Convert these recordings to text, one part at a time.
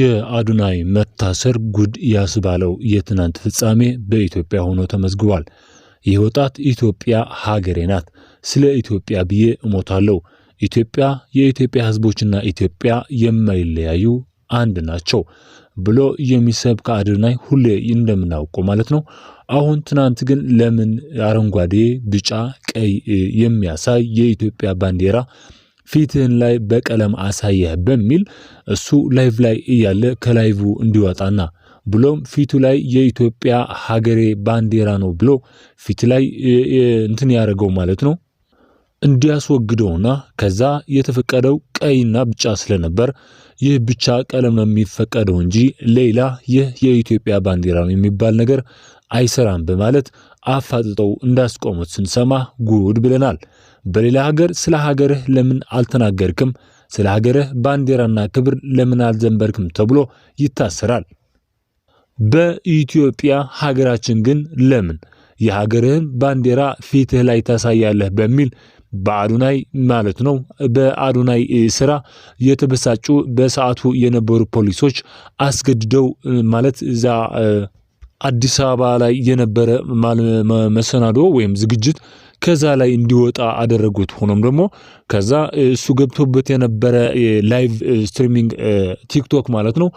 የአዱናይ መታሰር ጉድ ያስባለው የትናንት ፍጻሜ በኢትዮጵያ ሆኖ ተመዝግቧል። ይህ ወጣት ኢትዮጵያ ሀገሬ ናት፣ ስለ ኢትዮጵያ ብዬ እሞታለሁ፣ ኢትዮጵያ የኢትዮጵያ ህዝቦችና ኢትዮጵያ የማይለያዩ አንድ ናቸው ብሎ የሚሰብክ አዱናይ ሁሌ እንደምናውቀው ማለት ነው። አሁን ትናንት ግን ለምን አረንጓዴ፣ ቢጫ፣ ቀይ የሚያሳይ የኢትዮጵያ ባንዲራ ፊትህን ላይ በቀለም አሳየህ በሚል እሱ ላይቭ ላይ እያለ ከላይቭ እንዲወጣና ብሎም ፊቱ ላይ የኢትዮጵያ ሀገሬ ባንዲራ ነው ብሎ ፊት ላይ እንትን ያደረገው ማለት ነው እንዲያስወግደውና ከዛ የተፈቀደው ቀይና ብጫ ስለነበር ይህ ብቻ ቀለም ነው የሚፈቀደው እንጂ ሌላ ይህ የኢትዮጵያ ባንዲራ ነው የሚባል ነገር አይሰራም በማለት አፋጥጠው እንዳስቆሙት ስንሰማ ጉድ ብለናል። በሌላ ሀገር ስለ ሀገርህ ለምን አልተናገርክም? ስለ ሀገርህ ባንዲራና ክብር ለምን አልዘንበርክም? ተብሎ ይታሰራል። በኢትዮጵያ ሀገራችን ግን ለምን የሀገርህን ባንዲራ ፊትህ ላይ ታሳያለህ? በሚል በአዶናይ ማለት ነው በአዶናይ ስራ የተበሳጩ በሰዓቱ የነበሩ ፖሊሶች አስገድደው ማለት እዛ አዲስ አበባ ላይ የነበረ መሰናዶ ወይም ዝግጅት ከዛ ላይ እንዲወጣ አደረጉት። ሆኖም ደግሞ ከዛ እሱ ገብቶበት የነበረ ላይቭ ስትሪሚንግ ቲክቶክ ማለት ነው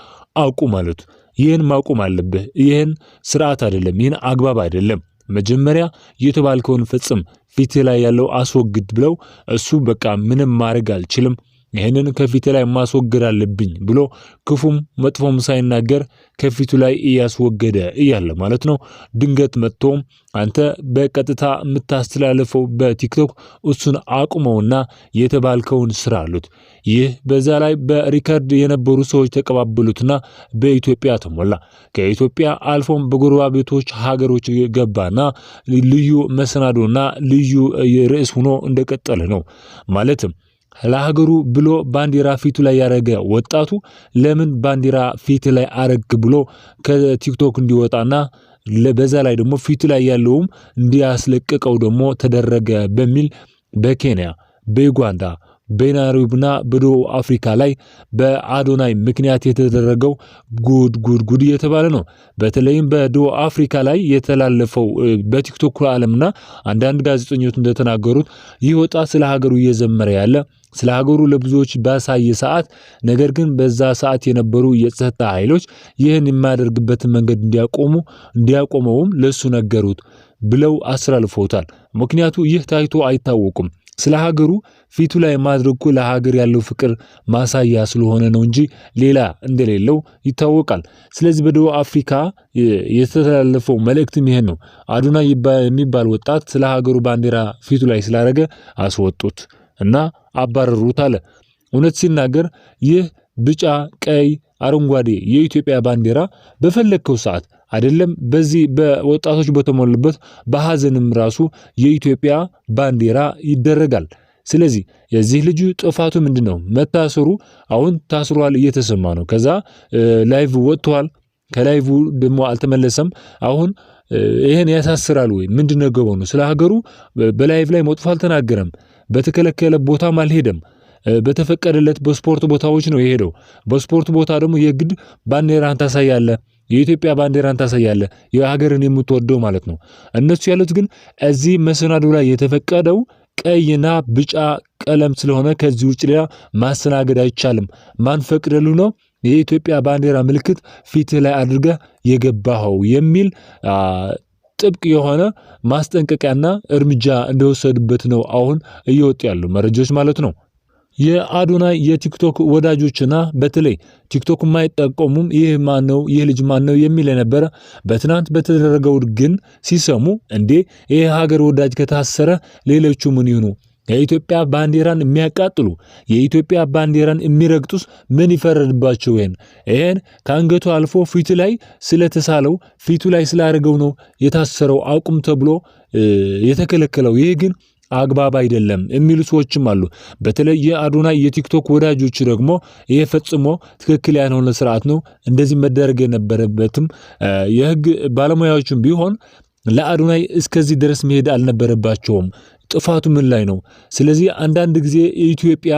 አውቁ ማለት ይህን ማቆም አለብህ። ይህን ስርዓት አይደለም፣ ይህን አግባብ አይደለም። መጀመሪያ የተባልከውን ፈጽም፣ ፊት ላይ ያለው አስወግድ ብለው እሱ በቃ ምንም ማድረግ አልችልም ይህንን ከፊቴ ላይ ማስወገድ አለብኝ ብሎ ክፉም መጥፎም ሳይናገር ከፊቱ ላይ እያስወገደ እያለ ማለት ነው። ድንገት መጥቶም አንተ በቀጥታ የምታስተላልፈው በቲክቶክ እሱን አቁመውና የተባልከውን ስራ አሉት። ይህ በዛ ላይ በሪከርድ የነበሩ ሰዎች ተቀባበሉትና በኢትዮጵያ ተሞላ። ከኢትዮጵያ አልፎም በጎረቤቶች ሀገሮች ገባና ልዩ መሰናዶና ልዩ ርዕስ ሆኖ እንደቀጠለ ነው ማለትም ለሀገሩ ብሎ ባንዲራ ፊቱ ላይ ያደረገ ወጣቱ ለምን ባንዲራ ፊት ላይ አረግ ብሎ ከቲክቶክ እንዲወጣና በዛ ላይ ደግሞ ፊቱ ላይ ያለውም እንዲያስለቅቀው ደግሞ ተደረገ በሚል በኬንያ በዩጋንዳ በናይሮቢና በደቡብ አፍሪካ ላይ በአዶናይ ምክንያት የተደረገው ጉድ ጉድ ጉድ እየተባለ ነው። በተለይም በደቡብ አፍሪካ ላይ የተላለፈው በቲክቶክ ዓለምና አንዳንድ ጋዜጠኞች እንደተናገሩት ይህ ወጣት ስለ ሀገሩ እየዘመረ ያለ ስለ ሀገሩ ለብዙዎች ባሳየ ሰዓት፣ ነገር ግን በዛ ሰዓት የነበሩ የጸጥታ ኃይሎች ይህን የማያደርግበትን መንገድ እንዲያቆሙ እንዲያቆመውም ለሱ ነገሩት ብለው አስተላልፈውታል። ምክንያቱ ይህ ታይቶ አይታወቁም። ስለ ሀገሩ ፊቱ ላይ ማድረግ ለሀገር ያለው ፍቅር ማሳያ ስለሆነ ነው እንጂ ሌላ እንደሌለው ይታወቃል። ስለዚህ በደቡብ አፍሪካ የተተላለፈው መልእክትም ይሄን ነው። አዱና የሚባል ወጣት ስለ ሀገሩ ባንዲራ ፊቱ ላይ ስላደረገ አስወጡት እና አባረሩት አለ። እውነት ሲናገር ይህ ቢጫ፣ ቀይ፣ አረንጓዴ የኢትዮጵያ ባንዲራ በፈለግከው ሰዓት አይደለም በዚህ በወጣቶች በተሞሉበት በሀዘንም ራሱ የኢትዮጵያ ባንዲራ ይደረጋል። ስለዚህ የዚህ ልጅ ጥፋቱ ምንድን ነው? መታሰሩ አሁን ታስሯል እየተሰማ ነው። ከዛ ላይቭ ወጥቷል። ከላይቭ ደግሞ አልተመለሰም። አሁን ይህን ያሳስራል ወይ ምንድን ነው ስለ ሀገሩ በላይቭ ላይ መጥፎ አልተናገረም። በተከለከለ ቦታም አልሄደም። በተፈቀደለት በስፖርት ቦታዎች ነው የሄደው። በስፖርት ቦታ ደግሞ የግድ ባንዲራን ታሳያለህ የኢትዮጵያ ባንዲራን ታሳያለ የሀገርን የምትወደው ማለት ነው። እነሱ ያሉት ግን እዚህ መሰናዶ ላይ የተፈቀደው ቀይና ቢጫ ቀለም ስለሆነ ከዚህ ውጭ ሌላ ማስተናገድ አይቻልም። ማን ፈቅደሉ ነው የኢትዮጵያ ባንዲራ ምልክት ፊትህ ላይ አድርገህ የገባኸው የሚል ጥብቅ የሆነ ማስጠንቀቂያና እርምጃ እንደወሰዱበት ነው አሁን እየወጡ ያሉ መረጃዎች ማለት ነው። የአዶናይ የቲክቶክ ወዳጆችና በተለይ ቲክቶክ የማይጠቀሙም ይህ ማን ነው ይህ ልጅ ማን ነው የሚል የነበረ በትናንት በተደረገው ግን ሲሰሙ እንዴ ይህ ሀገር ወዳጅ ከታሰረ ሌሎቹ ምን ይሁኑ? የኢትዮጵያ ባንዲራን የሚያቃጥሉ የኢትዮጵያ ባንዲራን የሚረግጡስ ምን ይፈረድባቸው? ይህን ይህን ከአንገቱ አልፎ ፊቱ ላይ ስለተሳለው ፊቱ ላይ ስላደረገው ነው የታሰረው አቁም ተብሎ የተከለከለው። ይህ ግን አግባብ አይደለም የሚሉ ሰዎችም አሉ። በተለይ የአዶናይ የቲክቶክ ወዳጆች ደግሞ ይህ ፈጽሞ ትክክል ያልሆነ ስርዓት ነው፣ እንደዚህ መደረግ የነበረበትም የህግ ባለሙያዎችም ቢሆን ለአዶናይ እስከዚህ ድረስ መሄድ አልነበረባቸውም። ጥፋቱ ምን ላይ ነው? ስለዚህ አንዳንድ ጊዜ የኢትዮጵያ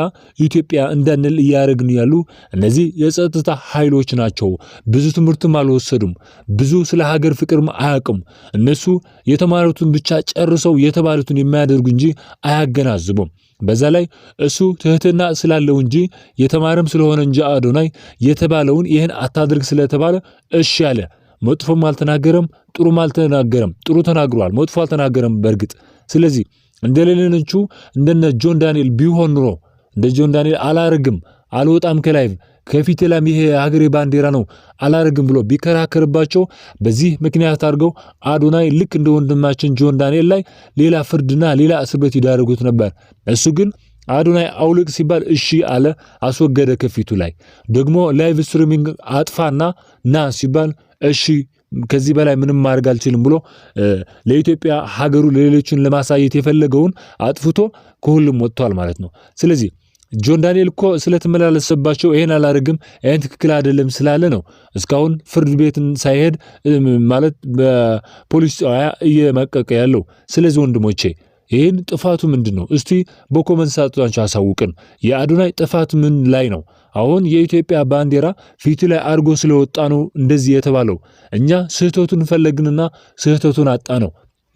ኢትዮጵያ እንዳንል እያደረግን ያሉ እነዚህ የጸጥታ ኃይሎች ናቸው። ብዙ ትምህርትም አልወሰዱም። ብዙ ስለ ሀገር ፍቅርም አያውቅም። እነሱ የተማሩትን ብቻ ጨርሰው የተባሉትን የማያደርጉ እንጂ አያገናዝቡም። በዛ ላይ እሱ ትህትና ስላለው እንጂ የተማረም ስለሆነ እንጂ አዶናይ የተባለውን ይህን አታድርግ ስለተባለ እሺ አለ። መጥፎም አልተናገረም፣ ጥሩም አልተናገረም። ጥሩ ተናግሯል፣ መጥፎ አልተናገረም በእርግጥ ስለዚህ እንደ ሌሎቹ እንደነ ጆን ዳንኤል ቢሆን ኑሮ እንደ ጆን ዳንኤል አላርግም አልወጣም ከላይቭ ከፊት ላም ይሄ የሀገሬ ባንዲራ ነው አላርግም ብሎ ቢከራከርባቸው በዚህ ምክንያት አድርገው አዶናይ ልክ እንደ ወንድማችን ጆን ዳንኤል ላይ ሌላ ፍርድና ሌላ እስር ቤት ይዳረጉት ነበር። እሱ ግን አዶናይ አውልቅ ሲባል እሺ አለ፣ አስወገደ ከፊቱ ላይ ደግሞ ላይቭ ስትሪሚንግ አጥፋና ና ሲባል እሺ ከዚህ በላይ ምንም ማድረግ አልችልም ብሎ ለኢትዮጵያ ሀገሩ ለሌሎችን ለማሳየት የፈለገውን አጥፍቶ ከሁሉም ወጥቷል ማለት ነው። ስለዚህ ጆን ዳንኤል እኮ ስለተመላለሰባቸው ይሄን አላደርግም ይህን ትክክል አይደለም ስላለ ነው እስካሁን ፍርድ ቤትን ሳይሄድ ማለት በፖሊስ እየመቀቀ ያለው። ስለዚህ ወንድሞቼ ይህን ጥፋቱ ምንድን ነው? እስቲ በኮመንት ሳጥናቸው አሳውቅን። የአዶናይ ጥፋት ምን ላይ ነው? አሁን የኢትዮጵያ ባንዲራ ፊት ላይ አድርጎ ስለወጣ ነው እንደዚህ የተባለው። እኛ ስህተቱን ፈለግንና ስህተቱን አጣ ነው።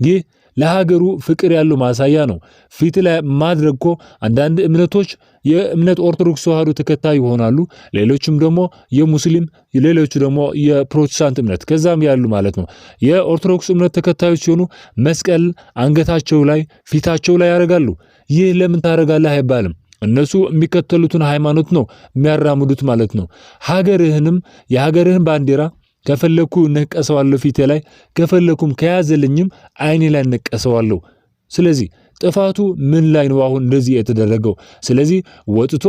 ይህ ለሀገሩ ፍቅር ያለው ማሳያ ነው። ፊት ላይ ማድረግ እኮ አንዳንድ እምነቶች የእምነት ኦርቶዶክስ ተዋህዶ ተከታይ ይሆናሉ፣ ሌሎችም ደግሞ የሙስሊም፣ ሌሎቹ ደግሞ የፕሮቴስታንት እምነት ከዛም ያሉ ማለት ነው። የኦርቶዶክስ እምነት ተከታዮች ሲሆኑ መስቀል አንገታቸው ላይ ፊታቸው ላይ ያደርጋሉ። ይህ ለምን ታደርጋለህ አይባልም። እነሱ የሚከተሉትን ሃይማኖት ነው የሚያራምዱት ማለት ነው። ሀገርህንም የሀገርህን ባንዲራ ከፈለግኩ እነቀሰዋለሁ ፊቴ ላይ ከፈለኩም ከያዘልኝም አይኔ ላይ እነቀሰዋለሁ። ስለዚህ ጥፋቱ ምን ላይ ነው አሁን እንደዚህ የተደረገው? ስለዚህ ወጥቶ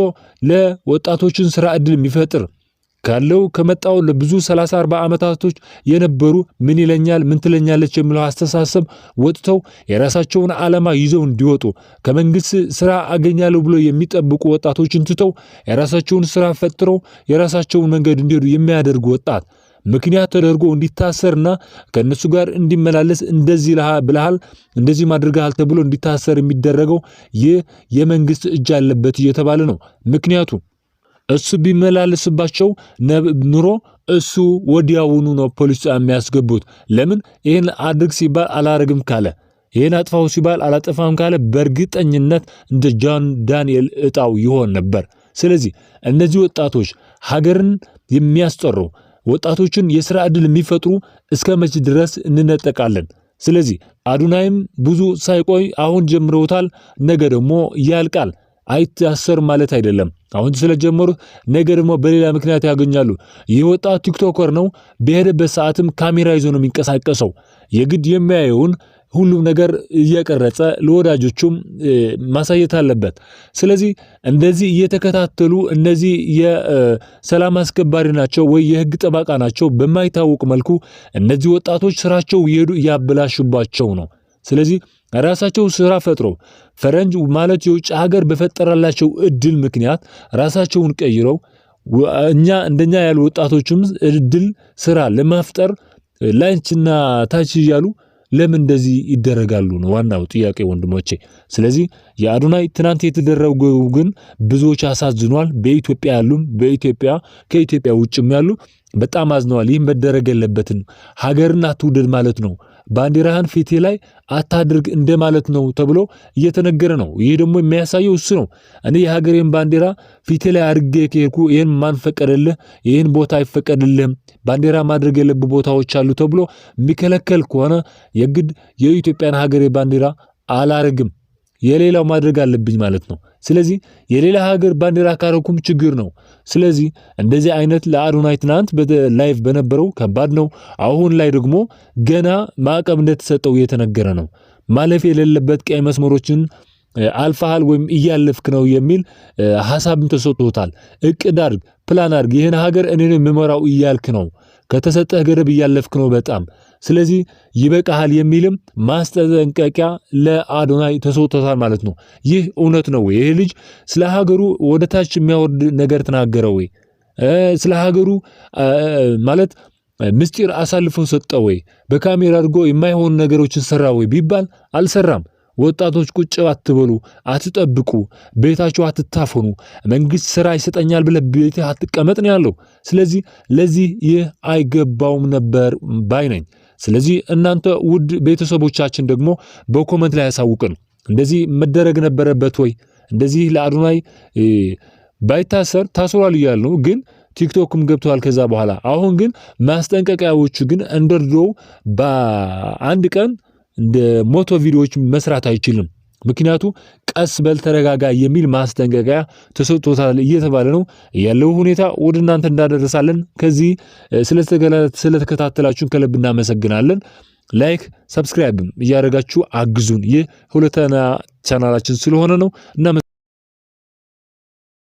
ለወጣቶችን ስራ እድል የሚፈጥር ካለው ከመጣው ለብዙ 30 40 ዓመታቶች የነበሩ ምን ይለኛል ምን ትለኛለች የሚለው አስተሳሰብ ወጥተው የራሳቸውን ዓላማ ይዘው እንዲወጡ ከመንግስት ስራ አገኛለሁ ብሎ የሚጠብቁ ወጣቶችን ትተው የራሳቸውን ስራ ፈጥረው የራሳቸውን መንገድ እንዲሄዱ የሚያደርጉ ወጣት ምክንያት ተደርጎ እንዲታሰርና ከእነሱ ጋር እንዲመላለስ እንደዚህ ብልሃል እንደዚህ ማድርግሃል ተብሎ እንዲታሰር የሚደረገው ይህ የመንግስት እጅ አለበት እየተባለ ነው ምክንያቱም እሱ ቢመላለስባቸው ኑሮ እሱ ወዲያውኑ ነው ፖሊስ የሚያስገቡት። ለምን ይህን አድርግ ሲባል አላረግም ካለ ይህን አጥፋው ሲባል አላጠፋም ካለ በእርግጠኝነት እንደ ጃን ዳንኤል እጣው ይሆን ነበር። ስለዚህ እነዚህ ወጣቶች ሀገርን የሚያስጠሩ ወጣቶችን የስራ ዕድል የሚፈጥሩ እስከ መቼ ድረስ እንነጠቃለን? ስለዚህ አዱናይም ብዙ ሳይቆይ አሁን ጀምረውታል፣ ነገ ደግሞ ያልቃል። አይታሰር ማለት አይደለም። አሁን ስለጀመሩ ነገ ደግሞ በሌላ ምክንያት ያገኛሉ። ይህ ወጣት ቲክቶከር ነው። በሄደበት ሰዓትም ካሜራ ይዞ ነው የሚንቀሳቀሰው። የግድ የሚያየውን ሁሉም ነገር እየቀረጸ ለወዳጆቹም ማሳየት አለበት። ስለዚህ እንደዚህ እየተከታተሉ እነዚህ የሰላም አስከባሪ ናቸው ወይ የህግ ጠባቃ ናቸው በማይታወቅ መልኩ እነዚህ ወጣቶች ስራቸው እየሄዱ እያበላሹባቸው ነው። ስለዚህ ራሳቸው ስራ ፈጥሮ ፈረንጅ ማለት የውጭ ሀገር በፈጠረላቸው እድል ምክንያት ራሳቸውን ቀይረው እኛ እንደኛ ያሉ ወጣቶችም እድል ስራ ለማፍጠር ላይችና ታች እያሉ ለምን እንደዚህ ይደረጋሉ ነው ዋናው ጥያቄ ወንድሞቼ። ስለዚህ የአዶናይ ትናንት የተደረገው ግን ብዙዎች አሳዝኗል። በኢትዮጵያ ያሉም በኢትዮጵያ ከኢትዮጵያ ውጭም ያሉ በጣም አዝነዋል። ይህም መደረግ የለበትን ሀገርን አትውደድ ማለት ነው። ባንዲራህን ፊቴ ላይ አታድርግ እንደማለት ነው ተብሎ እየተነገረ ነው። ይህ ደግሞ የሚያሳየው እሱ ነው። እኔ የሀገሬን ባንዲራ ፊቴ ላይ አድርጌ ከሄድኩ ይህን ማን ፈቀደልህ? ይህን ቦታ አይፈቀድልህም። ባንዲራ ማድረግ የለብህ ቦታዎች አሉ ተብሎ የሚከለከል ከሆነ የግድ የኢትዮጵያን ሀገሬ ባንዲራ አላረግም የሌላው ማድረግ አለብኝ ማለት ነው። ስለዚህ የሌላ ሀገር ባንዲራ ካረኩም ችግር ነው። ስለዚህ እንደዚህ አይነት ለአዶናይ ትናንት ላይቭ በነበረው ከባድ ነው። አሁን ላይ ደግሞ ገና ማዕቀብ እንደተሰጠው እየተነገረ ነው። ማለፍ የሌለበት ቀይ መስመሮችን አልፋሃል ወይም እያለፍክ ነው የሚል ሀሳብም ተሰጥቶታል። እቅድ አድርግ፣ ፕላን አድርግ። ይህን ሀገር እኔ የምመራው እያልክ ነው ከተሰጠህ ገደብ እያለፍክ ነው በጣም ስለዚህ ይበቃሃል የሚልም ማስጠንቀቂያ ለአዶናይ ተሰጥቶታል ማለት ነው። ይህ እውነት ነው ወይ? ይህ ልጅ ስለ ሀገሩ ወደ ታች የሚያወርድ ነገር ተናገረ ወይ? ስለ ሀገሩ ማለት ምስጢር አሳልፎ ሰጠ ወይ? በካሜራ አድርጎ የማይሆኑ ነገሮችን ሰራ ወይ ቢባል አልሰራም። ወጣቶች ቁጭ አትበሉ፣ አትጠብቁ፣ ቤታችሁ አትታፈኑ፣ መንግስት ስራ ይሰጠኛል ብለህ ቤትህ አትቀመጥ ነው ያለው። ስለዚህ ለዚህ ይህ አይገባውም ነበር ባይ ነኝ። ስለዚህ እናንተ ውድ ቤተሰቦቻችን ደግሞ በኮመንት ላይ ያሳውቅን። እንደዚህ መደረግ ነበረበት ወይ? እንደዚህ ለአዶናይ ባይታሰር ታስሯል እያል ነው ግን ቲክቶክም ገብተዋል። ከዛ በኋላ አሁን ግን ማስጠንቀቂያዎቹ ግን እንደ በአንድ ቀን እንደ ሞቶ ቪዲዮዎች መስራት አይችልም። ምክንያቱም ቀስ በል ተረጋጋ የሚል ማስጠንቀቂያ ተሰጥቶታል እየተባለ ነው ያለው ሁኔታ ወደ እናንተ እንዳደረሳለን። ከዚህ ስለተከታተላችሁን ከልብ እናመሰግናለን። ላይክ ሰብስክራይብም እያደረጋችሁ አግዙን። ይህ ሁለተኛ ቻናላችን ስለሆነ ነው እና